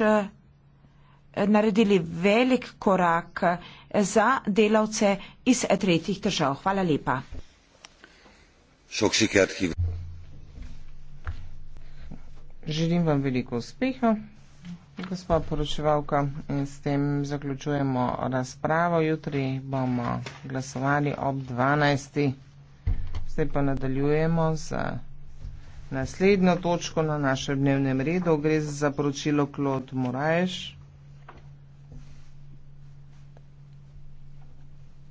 Eh, naredili velik korak eh, za delavce iz eh, tretjih držav. Hvala lepa. Želim vam veliko uspeha, gospod poročevalka. S tem zaključujemo razpravo. Jutri bomo glasovali ob 12. Zdaj pa nadaljujemo z. Za naslednjo točko na našem dnevnem redu. Gre za poročilo Klod Moraješ.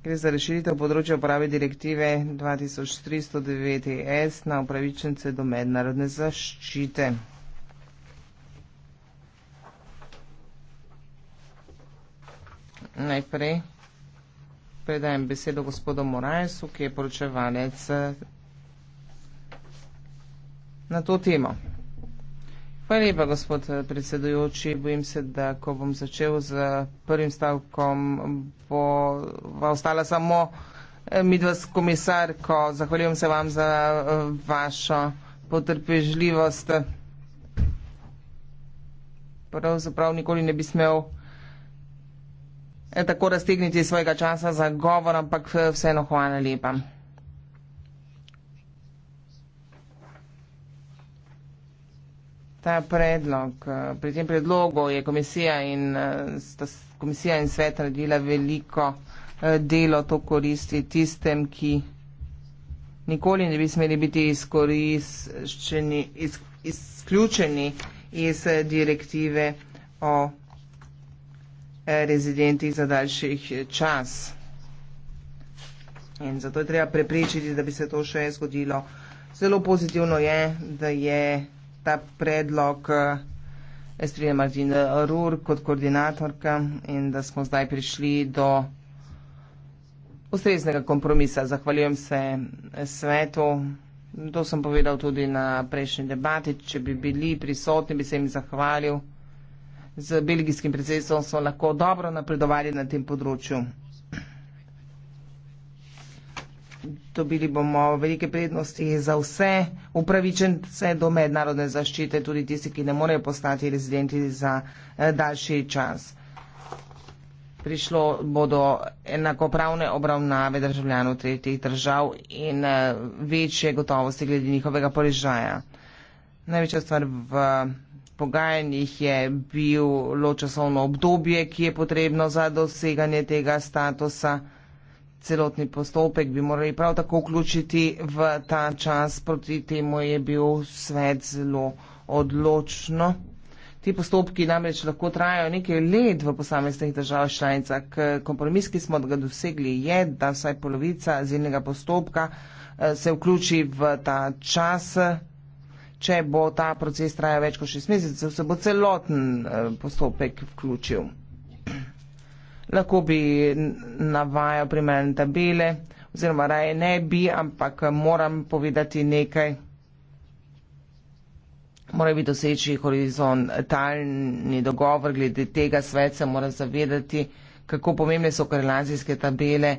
Gre za rešitev področja uporabe direktive 2309 ES na upravičence do mednarodne zaščite. Najprej predajem besedo gospodu Morajsu, ki je poročevalec na to temo. Hvala lepa, gospod eh, predsedujoči. Bojim se, da ko bom začel z prvim stavkom, bo ostala samo eh, midvas komisarko. Zahvaljujem se vam za eh, vašo potrpežljivost. Pravzaprav nikoli ne bi smel tako raztegniti svojega časa za govor, ampak vseeno hvala lepa. ta predlog. Eh, pri tem predlogu je komisija in, eh, komisija in svet naredila veliko eh, delo, to koristi tistem, ki nikoli ne bi smeli biti izkoriščeni, iz, izključeni iz direktive o rezidentih za daljših čas. In zato je treba prepričati, da bi se to še zgodilo. Zelo pozitivno je, da je ta predlog, jaz eh, prijem Martin Rur kot koordinatorka in da smo zdaj prišli do ustreznega kompromisa. Zahvaljujem se eh, svetu. To sem povedal tudi na prejšnji debati. Če bi bili prisotni, bi se jim zahvalil. Z belgijskim predsedstvom smo lahko dobro napredovali na tem področju dobili bomo velike prednosti za vse upravičence do mednarodne zaščite, tudi tisti, ki ne morejo postati rezidenti za eh, daljši čas. Prišlo bodo enakopravne obravnave državljanov tretjih držav in eh, večje gotovosti glede njihovega položaja. Največja stvar v pogajanjih je bilo časovno obdobje, ki je potrebno za doseganje tega statusa celotni postopek bi morali prav tako vključiti v ta čas. Proti temu je bil svet zelo odločno. Ti postopki namreč lahko trajajo nekaj let v posameznih držav članicah. Kompromis, ki smo ga dosegli, je, da vsaj polovica zimnega postopka eh, se vključi v ta čas. Če bo ta proces trajal več kot šest mesecev, se bo celoten eh, postopek vključil lahko bi navajal primerne tabele, oziroma raje ne bi, ampak moram povedati nekaj. Mora biti doseči horizontalni dogovor, glede tega svet se mora zavedati, kako pomembne so korelacijske tabele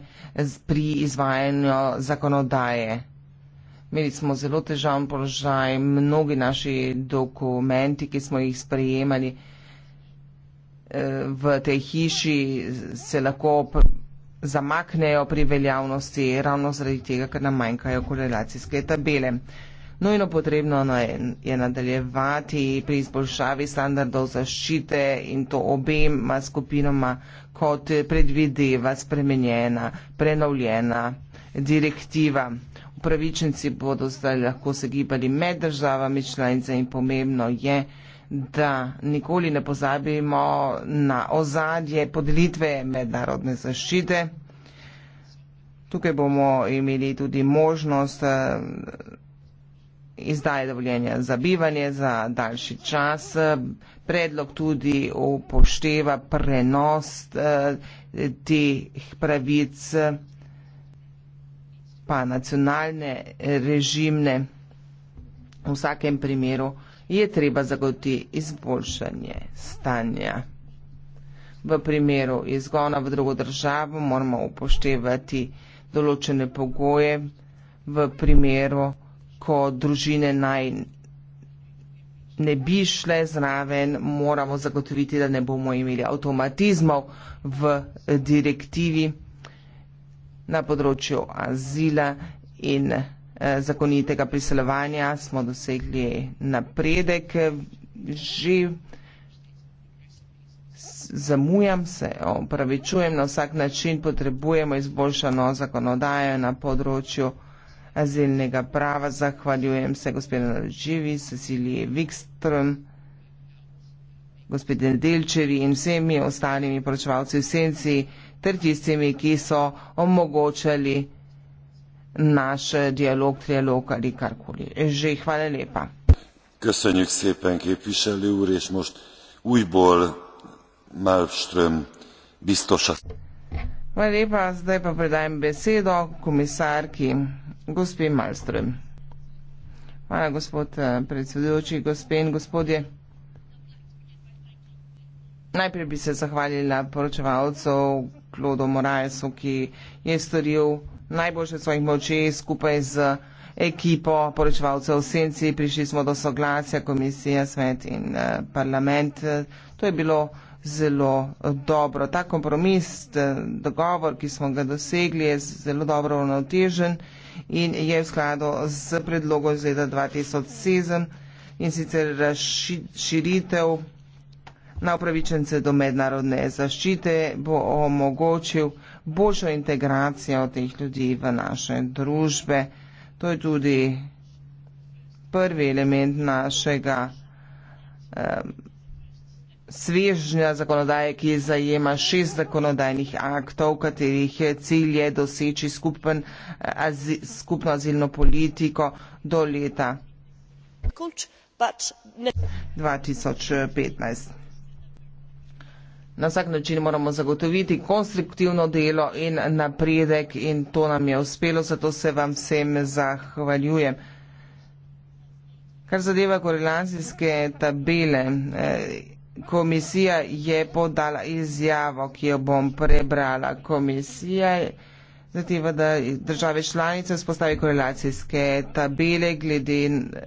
pri izvajanju zakonodaje. Imeli smo zelo težavn položaj, mnogi naši dokumenti, ki smo jih sprejemali, v tej hiši se lahko zamaknejo pri veljavnosti, ravno zaradi tega, ker nam manjkajo korelacijske tabele. Nojno potrebno no je nadaljevati pri izboljšavi standardov zaščite in to obema skupinoma, kot predvideva spremenjena, prenovljena direktiva. Upravičenci bodo zdaj lahko se gibali med državami članice in pomembno je, da nikoli ne pozabimo na ozadje podelitve mednarodne zaščite. Tukaj bomo imeli tudi možnost eh, izdaje dovoljenja za bivanje za daljši čas. Predlog tudi upošteva prenos eh, teh pravic pa nacionalne režimne. V vsakem primeru je treba zagoti izboljšanje stanja. V primeru izgona v drugo državo moramo upoštevati določene pogoje, v primeru, ko družine naj ne bi šle zraven, moramo zagotoviti, da ne bomo imeli avtomatizmov v direktivi na področju azila in Eh, zakonitega priseljevanja smo dosegli napredek. Že zamujam se, opravičujem, na vsak način potrebujemo izboljšano zakonodajo na področju azilnega prava. Zahvaljujem se gospodinu Živi, Cecilije Wikström, gospodinu Delčevi in vsemi ostalimi poročevalci v senci ter tistimi, ki so omogočali naš dialog, trialog ali karkoli. Že hvala lepa. Köszönjük szépen képviselő úr, és most újból Malmström biztos. Hvala lepa, zdaj pa predajem besedo komisarki, gospi Malmström. Hvala, gospod eh, predsedujoči, gospe in gospodje. Najprej bi se zahvalila poročevalcu Klodo Moralesu, ki je storil najboljše svojih moči skupaj z ekipo poročevalcev v senci. Prišli smo do soglasja komisije, svet in eh, parlament. To je bilo zelo eh, dobro. Ta kompromis, eh, dogovor, ki smo ga dosegli, je zelo dobro uravnotežen in je v skladu z predlogom iz leta 2007 in sicer širitev na upravičence do mednarodne zaščite bo omogočil boljšo integracijo teh ljudi v naše družbe. To je tudi prvi element našega eh, svežnja zakonodaje, ki zajema šest zakonodajnih aktov, katerih cilj je doseči skupen, eh, azi, skupno azilno politiko do leta 2015. Na vsak način moramo zagotoviti konstruktivno delo in napredek in to nam je uspelo, zato se vam vsem zahvaljujem. Kar zadeva korelacijske tabele, eh, komisija je podala izjavo, ki jo bom prebrala. Komisija zateva, da države članice spostavi korelacijske tabele glede na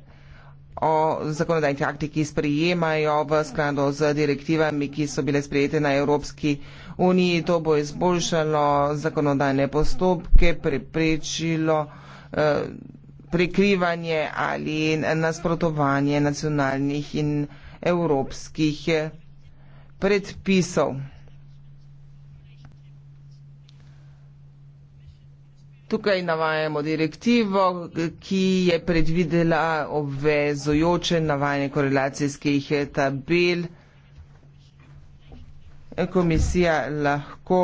o zakonodajnih aktih, ki sprejemajo v skladu z direktivami, ki so bile sprejete na Evropski uniji. To bo izboljšalo zakonodajne postopke, preprečilo eh, prikrivanje ali nasprotovanje nacionalnih in evropskih eh, predpisov. Tukaj navajamo direktivo, ki je predvidela obvezojoče navajanje korelacijskih tabel. Komisija lahko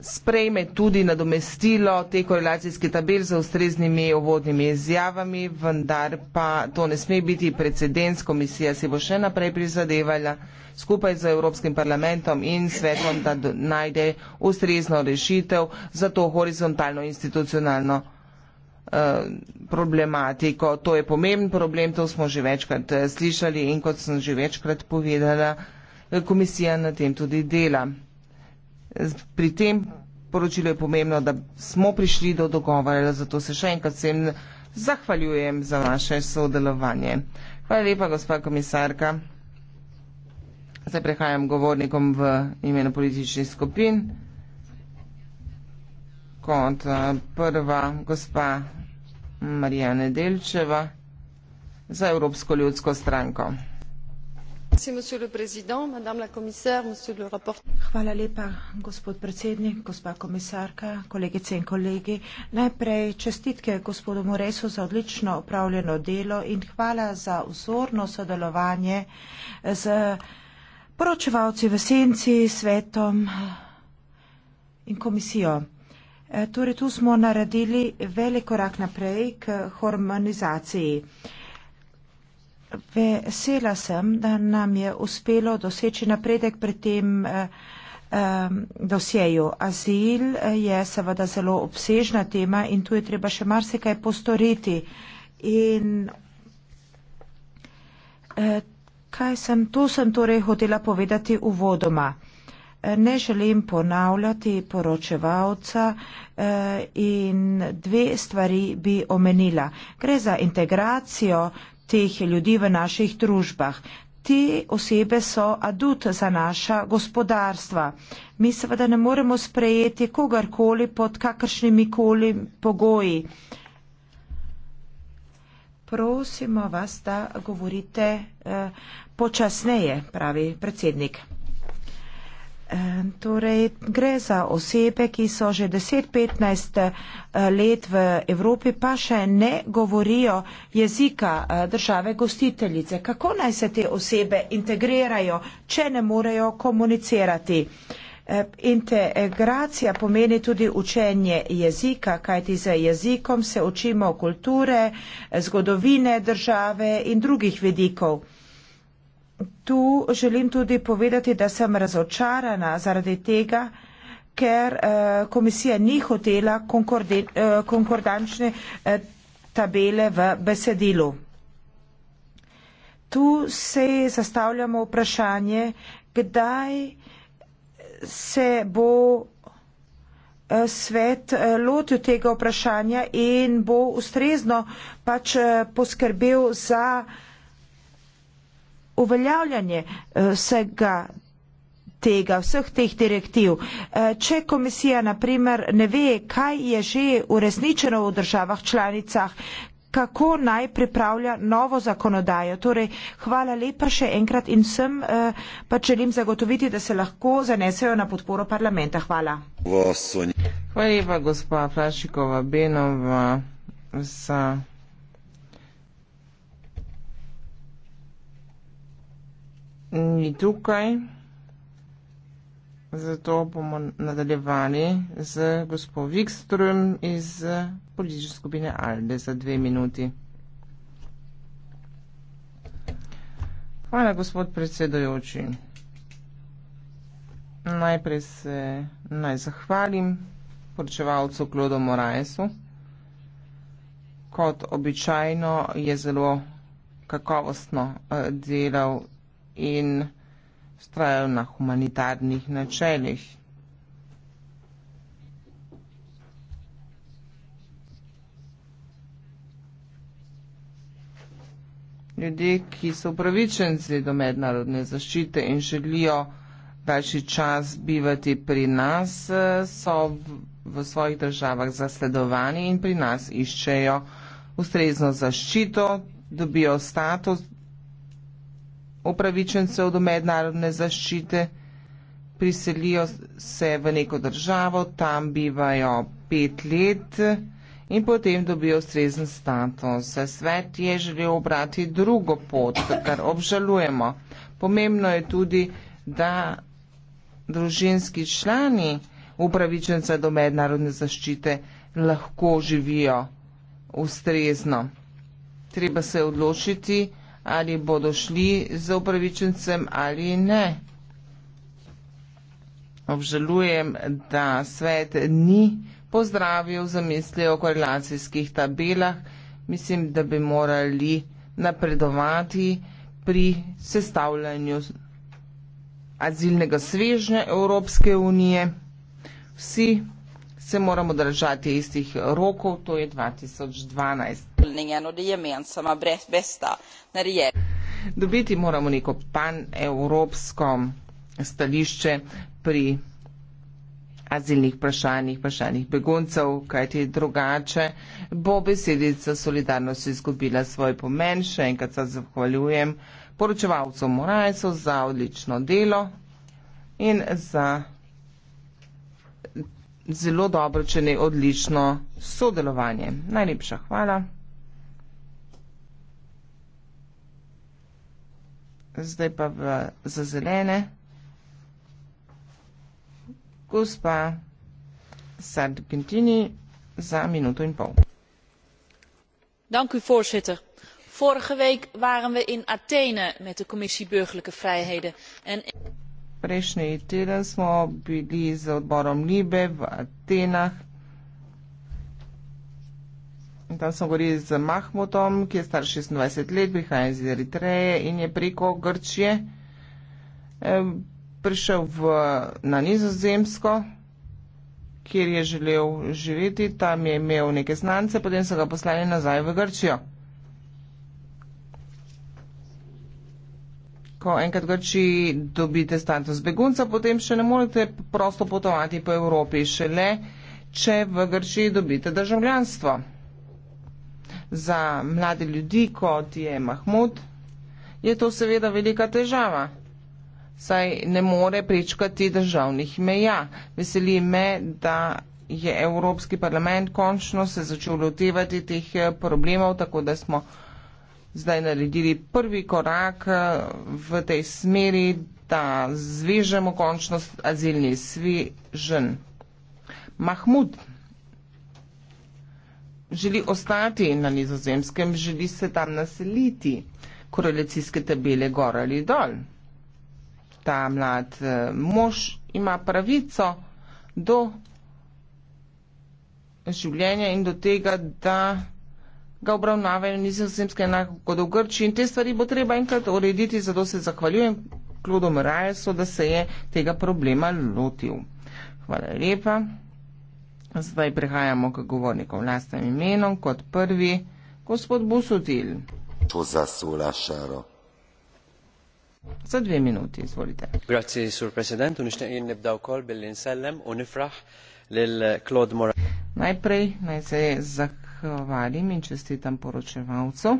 sprejme tudi nadomestilo te korelacijske tabel za ustreznimi ovodnimi izjavami, vendar pa to ne sme biti precedens. Komisija se bo še naprej prizadevala skupaj z Evropskim parlamentom in svetom, da najde ustrezno rešitev za to horizontalno institucionalno eh, problematiko. To je pomemben problem, to smo že večkrat eh, slišali in kot sem že večkrat povedala, eh, komisija na tem tudi dela pri tem poročilu je pomembno, da smo prišli do dogovora, zato se še enkrat vsem zahvaljujem za vaše sodelovanje. Hvala lepa, gospa komisarka. Zdaj prehajam govornikom v imenu političnih skupin. Kot prva gospa Marijane Delčeva za Evropsko ljudsko stranko monsieur le président madame la commissaire monsieur le rapporteur kolegice in kolegi najprej čestitke gospodu moraesu za odlično opravljeno delo in hvala za vzorno sodelovanje s poročevalci v senci svetom in komisijo e, torej tu smo naredili velik korak naprej k harmonizaciji Vesela sem, da nam je uspelo doseči napredek pri tem eh, eh, dosjeju. Azil eh, je seveda zelo obsežna tema in tu je treba še marsikaj postoriti. In kaj sem, to sem torej hotela povedati uvodoma. Ne želim ponavljati poročevalca in dve stvari bi omenila. Gre za integracijo, teh ljudi v naših družbah. Te osebe so adut za naša gospodarstva. Mi seveda ne moremo sprejeti kogarkoli pod kakršnimi koli pogoji. Prosimo vas, da govorite eh, počasneje, pravi predsednik. Torej, gre za osebe, ki so že 10-15 eh, let v Evropi, pa še ne govorijo jezika eh, države gostiteljice. Kako naj se te osebe integrirajo, če ne morejo komunicirati? Integracija pomeni tudi učenje jezika, kajti z jezikom se učimo kulture, zgodovine države in drugih vedikov tu želim tudi povedati, da sem razočarana zaradi tega, ker eh, komisija ni hotela eh, konkordančne eh, tabele v besedilu. Tu se zastavljamo vprašanje, kdaj se bo svet lotil tega vprašanja in bo ustrezno pač poskrbel za vprašanje, uveljavljanje eh, vsega tega, vseh teh direktiv. Eh, če komisija naprimer ne ve, kaj je že uresničeno v državah članicah, kako naj pripravlja novo zakonodajo. Torej, hvala lepa še enkrat in vsem, eh, pa želim zagotoviti, da se lahko zanesejo na podporo parlamenta. Hvala. Hvala lepa, gospa Flašikova Benova, za. ni tukaj, zato bomo nadaljevali z gospod Vikstrom iz eh, politične skupine Alde za dve minuti. Hvala, gospod predsedojoči. Najprej se naj zahvalim poročevalcu Klodo Moraesu. Kot običajno je zelo kakovostno eh, delal in vztrajajo na humanitarnih načelih. Ljudje, ki so upravičenci do mednarodne zaščite in želijo daljši čas bivati pri nas, so v svojih državah zasledovani in pri nas iščejo ustrezno zaščito, dobijo status upravičencev do mednarodne zaščite, priselijo se v neko državo, tam bivajo pet let in potem dobijo ustrezen status. Svet je želel obrati drugo pot, kar obžalujemo. Pomembno je tudi, da družinski člani upravičenca do mednarodne zaščite lahko živijo ustrezno. Treba se odločiti, ali bodo šli z upravičencem ali ne. Obžalujem, da svet ni pozdravil za misli o korelacijskih tabelah. Mislim, da bi morali napredovati pri sestavljanju azilnega svežnja Evropske unije. Vsi se moramo držati istih rokov, to je 2012. Dobiti moramo neko pan-evropsko stališče pri azilnih vprašanjih, vprašanjih beguncev, kajti drugače bo besedica solidarnost izgubila svoj pomen. Še enkrat se zahvaljujem poročevalcu Morajcu za odlično delo in za zelo dobro, če ne odlično sodelovanje. Najlepša hvala. Zdaj pa v, za zelene. Gospa Sardkentini za minuto in pol. Dank u voorzitter. Vorige week waren we in Athene met de Commissie Burgerlijke Vrijheden. En in... Prejšnji teden smo bili z odborom Libe v Atenah. Tam smo govorili z Mahmutom, ki je star 26 let, prihaja iz Eritreje in je preko Grčije prišel v, na nizozemsko, kjer je želel živeti. Tam je imel neke znance, potem so ga poslali nazaj v Grčijo. ko enkrat grči dobite status begunca, potem še ne morete prosto potovati po Evropi, šele če v grči dobite državljanstvo. Za mlade ljudi, kot je Mahmud, je to seveda velika težava. Saj ne more prečkati državnih meja. Veseli me, da je Evropski parlament končno se začel lotevati teh eh, problemov, tako da smo zdaj naredili prvi korak eh, v tej smeri, da zvežemo končnost azilni svi žen. Mahmud želi ostati na nizozemskem, želi se tam naseliti koreljacijske tabele gor ali dol. Ta mlad eh, mož ima pravico do življenja in do tega, da ga obravnavajo nizozemske enako kot v Grči in te stvari bo treba enkrat urediti, zato se zahvaljujem Kludom Rajesu, da se je tega problema lotil. Hvala lepa. Zdaj prehajamo k govorniku v lastnem imenu, kot prvi gospod Busutil. To za sula šaro. Za dve minuti, izvolite. Grazie, sur president, unište in ne bdav kol, bil in selem, unifrah, lel Klod eh, Morales. Najprej naj se zahvaljujem zahvalim in čestitam poročevalcu.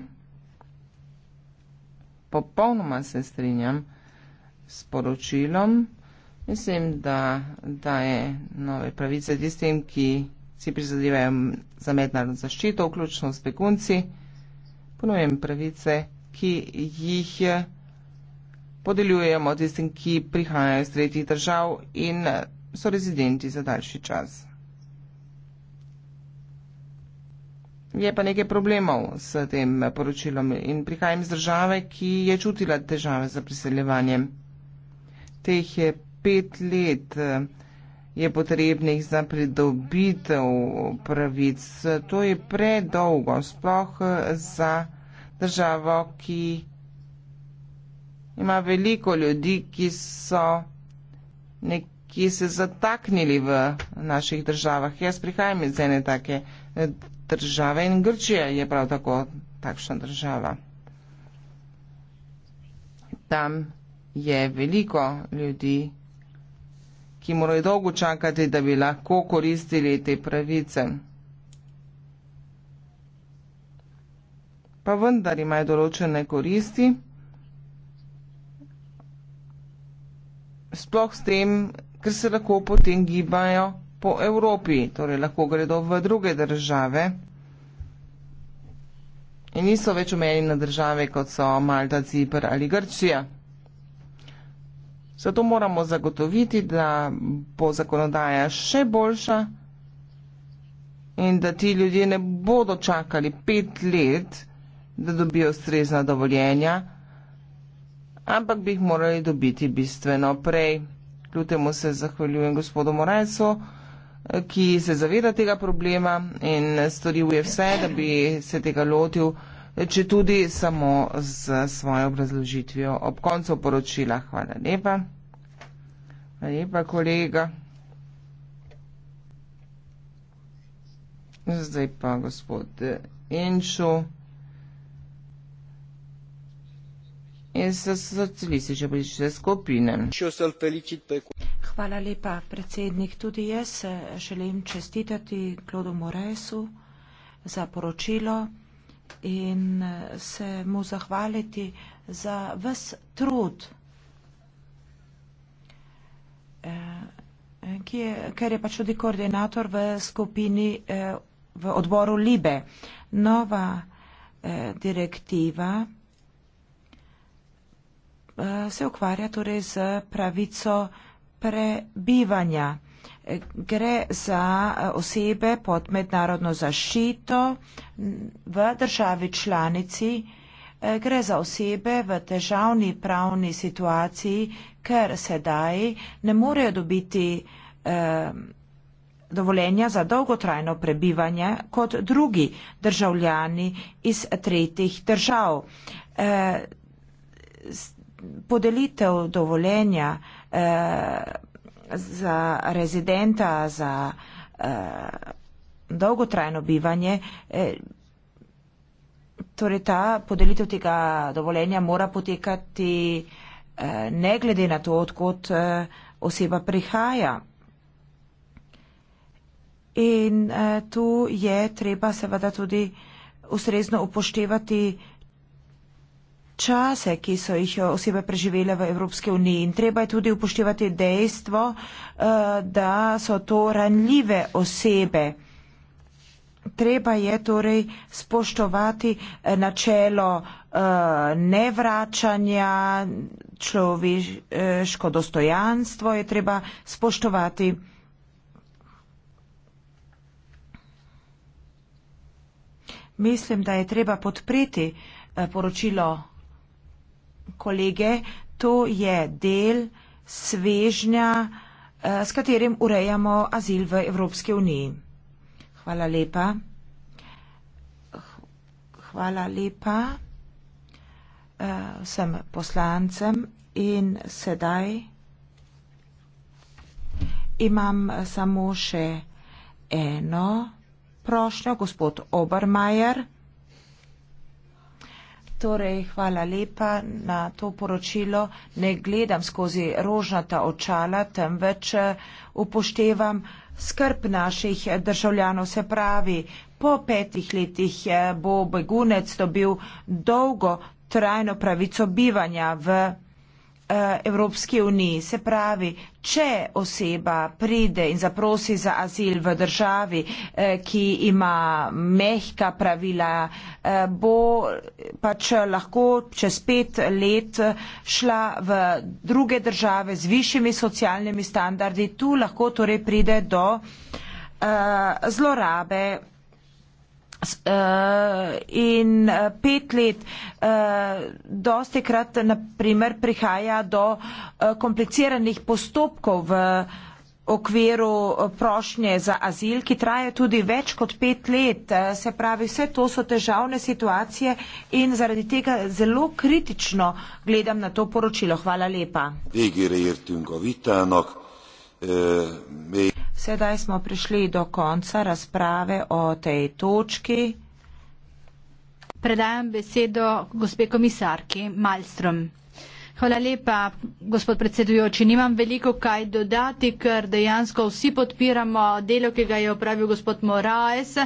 Popolnoma se strinjam s poročilom. Mislim, da daje nove pravice tistim, ki si prizadevajo za mednarodno zaščito, vključno s begunci. Ponujem pravice, ki jih podeljujemo tistim, ki prihajajo iz tretjih držav in so rezidenti za daljši čas. Je pa nekaj problemov s tem poročilom in prihajam iz države, ki je čutila težave za priseljevanje. Teh je pet let eh, je potrebnih za pridobitev pravic. To je predolgo, sploh eh, za državo, ki ima veliko ljudi, ki so nekje se zataknili v naših državah. Jaz prihajam iz ene take eh, države in Grčija je prav tako takšna država. Tam je veliko ljudi, ki morajo dolgo čakati, da bi lahko koristili te pravice. Pa vendar imajo določene koristi. Sploh s tem, ker se lahko potem gibajo po Evropi, torej lahko gredo v druge države. In niso več omenjeni na države, kot so Malta, Cipr ali Grčija. Zato moramo zagotoviti, da bo zakonodaja še boljša in da ti ljudje ne bodo čakali pet let, da dobijo strezna dovoljenja, ampak bi jih morali dobiti bistveno prej. Kljub temu se zahvaljujem gospodu Morajcu ki se zaveda tega problema in storil je vse, da bi se tega lotil, če tudi samo z svojo obrazložitvijo. Ob koncu poročila, hvala lepa. Hvala lepa, kolega. Zdaj pa gospod Enšo. In se socialistične politične skupine. Hvala lepa, predsednik. Tudi jaz eh, želim čestitati Klodu Moresu za poročilo in eh, se mu zahvaliti za ves trud, eh, ki je, ker je pač tudi koordinator v skupini v odboru Libe. Nova direktiva se ukvarja torej z pravico prebivanja. Gre za eh, osebe pod mednarodno zaščito v državi članici, eh, gre za osebe v težavni pravni situaciji, ker sedaj ne morejo dobiti eh, dovoljenja za dolgotrajno prebivanje kot drugi državljani iz tretjih držav. Podelitev dovoljenja Eh, za rezidenta, za eh, dolgotrajno bivanje, eh, torej ta podelitev tega dovoljenja mora potekati eh, ne glede na to, odkot eh, oseba prihaja. In eh, tu je treba seveda tudi ustrezno upoštevati čase, ki so jih eh, osebe preživele v Evropske unije in treba je tudi upoštevati dejstvo, eh, da so to ranljive osebe. Treba je torej spoštovati eh, načelo nevračanja, človeško dostojanstvo je treba spoštovati. Mislim, da je treba podpreti poročilo kolege, to je del svežnja, eh, s katerim urejamo azil v Evropski uniji. Hvala lepa. Hvala lepa eh, vsem poslancem in sedaj imam eh, samo še eno prošnjo, gospod Obermajer. Torej, hvala lepa na to poročilo. Ne gledam skozi rožnata očala, temveč eh, upoštevam skrb naših državljanov. Se pravi, po petih letih eh, bo begunec dobil dolgo trajno pravico bivanja v Eh, Evropski uniji. Se pravi, če oseba pride in zaprosi za azil v državi, eh, ki ima mehka pravila, eh, bo pač lahko čez pet let šla v druge države z višjimi socialnimi standardi. Tu lahko torej pride do zlorabe Uh, in uh, pet let, uh, eh, dosti krat, naprimer, prihaja do uh, kompliciranih postopkov v okviru prošnje za azil, ki traje tudi več kot pet let. Uh, se pravi, vse to so težavne situacije in zaradi tega zelo kritično gledam na to poročilo. Hvala lepa. Eh, Sedaj smo prišli do konca razprave o tej točki. Predajam besedo gospe komisarki Malstrom. Hvala lepa, gospod predsedujoči. Nimam veliko kaj dodati, ker dejansko vsi podpiramo delo, ki ga je opravil gospod Moraes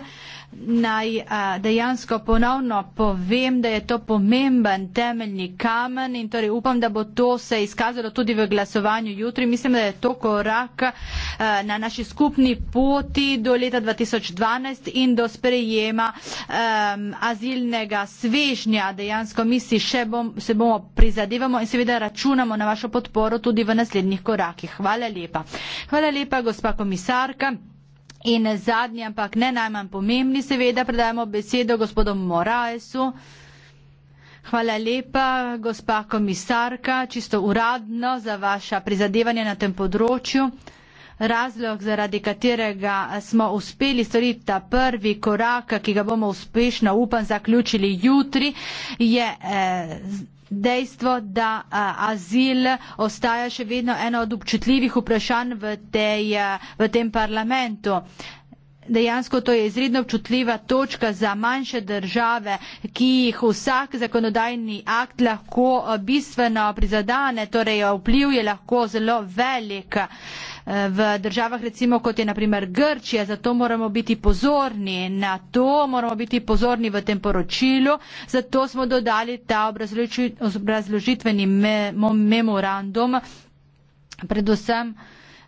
naj a, eh, dejansko ponovno povem, da je to pomemben temeljni kamen in torej upam, da bo to se izkazalo tudi v glasovanju jutri. Mislim, da je to korak a, eh, na naši skupni poti do leta 2012 in do sprejema a, azilnega svežnja. Dejansko mi si še bom, se bomo prizadevamo in seveda računamo na vašo podporo tudi v naslednjih korakih. Hvala lepa. Hvala lepa, gospa komisarka. In zadnji, ampak ne najmanj pomembni, seveda predajamo besedo gospodom Moraesu. Hvala lepa, gospa komisarka, čisto uradno za vaša prizadevanja na tem področju. Razlog, zaradi katerega smo uspeli storiti ta prvi korak, ki ga bomo uspešno, upam, zaključili jutri, je. Eh, dejstvo, da azil ostaja še vedno eno od občutljivih vprašanj v, tej, v tem parlamentu. Dejansko to je izredno občutljiva točka za manjše države, ki jih vsak zakonodajni akt lahko bistveno prizadane, torej vpliv je lahko zelo velik. Uh, Eh, v državah recimo kot je naprimer Grčija, zato moramo biti pozorni na to, moramo biti pozorni v tem poročilu, zato smo dodali ta obrazložitveni me, memorandum, predvsem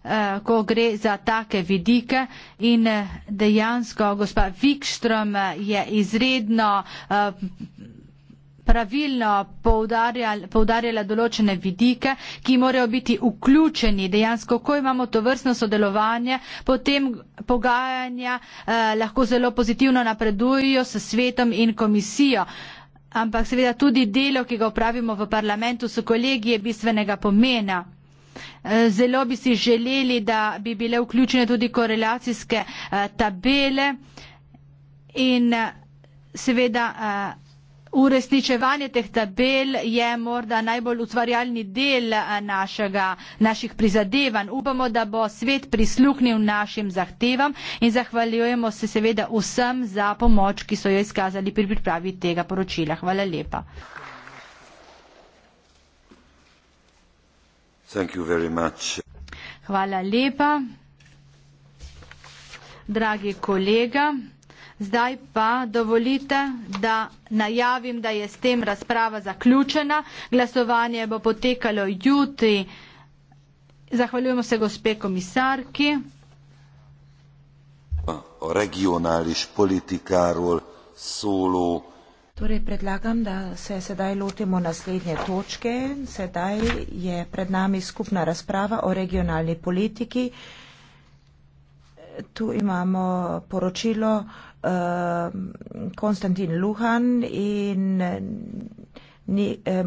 eh, ko gre za take vidike in eh, dejansko gospa Vikström je izredno pravilno poudarjala, poudarjala določene vidike, ki morajo biti vključeni dejansko, ko imamo to vrstno sodelovanje, potem pogajanja eh, lahko zelo pozitivno napredujejo s svetom in komisijo. Ampak seveda tudi delo, ki ga upravimo v parlamentu s kolegi, je bistvenega pomena. Eh, zelo bi si želeli, da bi bile vključene tudi korelacijske eh, tabele in eh, seveda uresničevanje teh tabel je morda najbolj ustvarjalni del eh, našega, naših prizadevanj. Upamo, da bo svet prisluhnil našim zahtevam in zahvaljujemo se seveda vsem za pomoč, ki so jo izkazali pri pripravi tega poročila. Hvala lepa. Hvala lepa, dragi kolega. Zdaj pa dovolite, da najavim, da je s tem razprava zaključena. Glasovanje bo potekalo jutri. Zahvaljujemo se gospe komisarki. Regionališ politikarul solo. Torej predlagam, da se sedaj lotimo naslednje točke. Sedaj je pred nami skupna razprava o regionalni politiki. Tu imamo poročilo Um, Konstantin Luhan in eh, ni, eh,